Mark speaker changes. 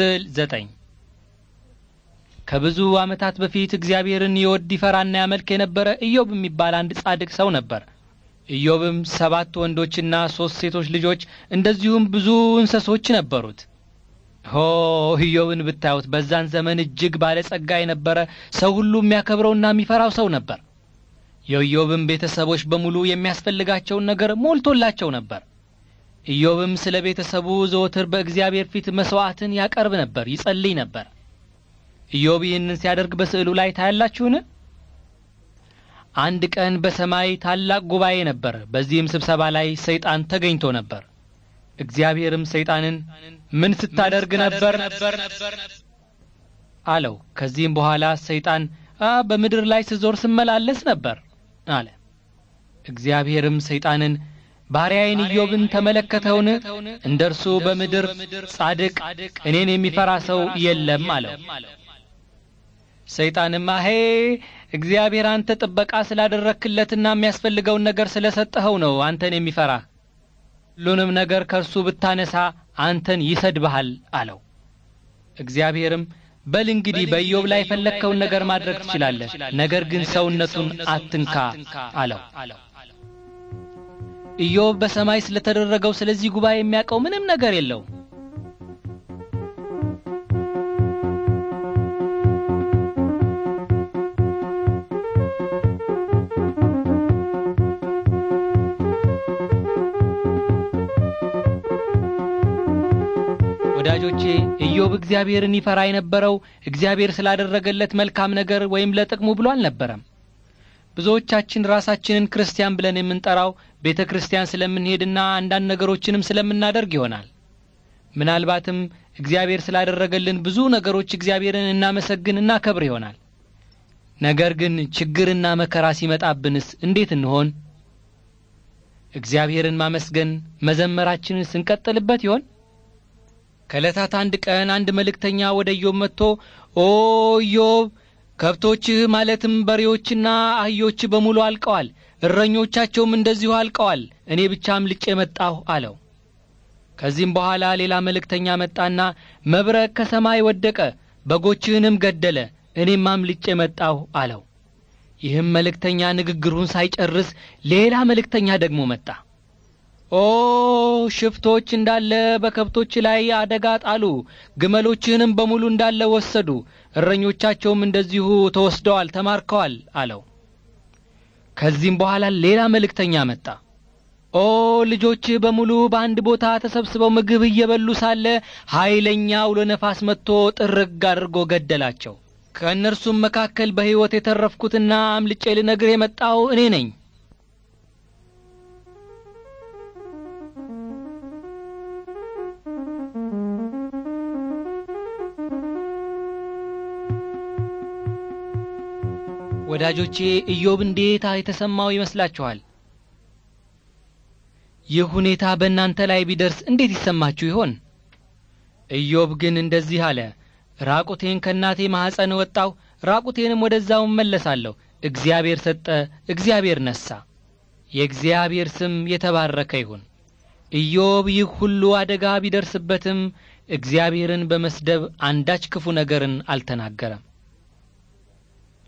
Speaker 1: ምስል ዘጠኝ ከብዙ ዓመታት በፊት እግዚአብሔርን ይወድ ይፈራና ያመልክ የነበረ ኢዮብ የሚባል አንድ ጻድቅ ሰው ነበር። ኢዮብም ሰባት ወንዶችና ሦስት ሴቶች ልጆች እንደዚሁም ብዙ እንሰሶች ነበሩት። ሆ ኢዮብን ብታዩት በዛን ዘመን እጅግ ባለጸጋ የነበረ ሰው ሁሉ የሚያከብረውና የሚፈራው ሰው ነበር። የኢዮብም ቤተሰቦች በሙሉ የሚያስፈልጋቸውን ነገር ሞልቶላቸው ነበር። ኢዮብም ስለ ቤተሰቡ ዘወትር በእግዚአብሔር ፊት መሥዋዕትን ያቀርብ ነበር፣ ይጸልይ ነበር። ኢዮብ ይህንን ሲያደርግ በስዕሉ ላይ ታያላችሁን? አንድ ቀን በሰማይ ታላቅ ጉባኤ ነበር። በዚህም ስብሰባ ላይ ሰይጣን ተገኝቶ ነበር። እግዚአብሔርም ሰይጣንን ምን ስታደርግ ነበር አለው። ከዚህም በኋላ ሰይጣን በምድር ላይ ስዞር ስመላለስ ነበር አለ። እግዚአብሔርም ሰይጣንን ባሪያዬን ኢዮብን ተመለከተውን? እንደ እርሱ በምድር ጻድቅ እኔን የሚፈራ ሰው የለም አለው። ሰይጣንማ ሄ እግዚአብሔር አንተ ጥበቃ ስላደረክለትና የሚያስፈልገውን ነገር ስለሰጠኸው ነው አንተን የሚፈራ ሁሉንም ነገር ከእርሱ ብታነሳ አንተን ይሰድብሃል አለው። እግዚአብሔርም በል እንግዲህ በኢዮብ ላይ የፈለግከውን ነገር ማድረግ ትችላለህ፣ ነገር ግን ሰውነቱን አትንካ አለው። ኢዮብ በሰማይ ስለተደረገው ስለዚህ ጉባኤ የሚያውቀው ምንም ነገር የለው ወዳጆቼ ኢዮብ እግዚአብሔርን ይፈራ የነበረው እግዚአብሔር ስላደረገለት መልካም ነገር ወይም ለጥቅሙ ብሎ አልነበረም ብዙዎቻችን ራሳችንን ክርስቲያን ብለን የምንጠራው ቤተ ክርስቲያን ስለምንሄድና አንዳንድ ነገሮችንም ስለምናደርግ ይሆናል። ምናልባትም እግዚአብሔር ስላደረገልን ብዙ ነገሮች እግዚአብሔርን እናመሰግን፣ እናከብር ይሆናል። ነገር ግን ችግርና መከራ ሲመጣብንስ እንዴት እንሆን? እግዚአብሔርን ማመስገን መዘመራችንን ስንቀጥልበት ይሆን? ከዕለታት አንድ ቀን አንድ መልእክተኛ ወደ ኢዮብ መጥቶ ኦ ኢዮብ ከብቶችህ ማለትም በሬዎችና አህዮች በሙሉ አልቀዋል፣ እረኞቻቸውም እንደዚሁ አልቀዋል፣ እኔ ብቻ አምልጬ መጣሁ አለው። ከዚህም በኋላ ሌላ መልእክተኛ መጣና መብረቅ ከሰማይ ወደቀ፣ በጎችህንም ገደለ፣ እኔም አምልጬ መጣሁ አለው። ይህም መልእክተኛ ንግግሩን ሳይጨርስ ሌላ መልእክተኛ ደግሞ መጣ። ኦ ሽፍቶች እንዳለ በከብቶች ላይ አደጋ ጣሉ፣ ግመሎችህንም በሙሉ እንዳለ ወሰዱ፣ እረኞቻቸውም እንደዚሁ ተወስደዋል፣ ተማርከዋል አለው። ከዚህም በኋላ ሌላ መልእክተኛ መጣ። ኦ ልጆችህ በሙሉ በአንድ ቦታ ተሰብስበው ምግብ እየበሉ ሳለ ኃይለኛ አውሎ ነፋስ መጥቶ ጥርግ አድርጎ ገደላቸው። ከእነርሱም መካከል በሕይወት የተረፍኩትና አምልጬ ልነግር የመጣው እኔ ነኝ ወዳጆቼ ኢዮብ እንዴት የተሰማው ይመስላችኋል? ይህ ሁኔታ በእናንተ ላይ ቢደርስ እንዴት ይሰማችሁ ይሆን? ኢዮብ ግን እንደዚህ አለ፣ ራቁቴን ከእናቴ ማኅፀን ወጣሁ፣ ራቁቴንም ወደዛው እመለሳለሁ። እግዚአብሔር ሰጠ፣ እግዚአብሔር ነሣ፣ የእግዚአብሔር ስም የተባረከ ይሁን። ኢዮብ ይህ ሁሉ አደጋ ቢደርስበትም እግዚአብሔርን በመስደብ አንዳች ክፉ ነገርን አልተናገረም።